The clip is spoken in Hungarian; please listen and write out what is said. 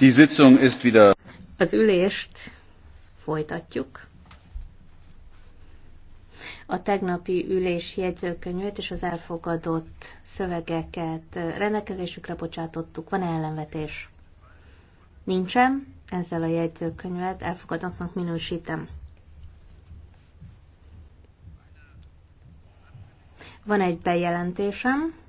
Die Sitzung ist wieder. Az ülést folytatjuk. A tegnapi ülés jegyzőkönyvét és az elfogadott szövegeket rendelkezésükre bocsátottuk. Van -e ellenvetés? Nincsen. Ezzel a jegyzőkönyvet elfogadottnak minősítem. Van egy bejelentésem.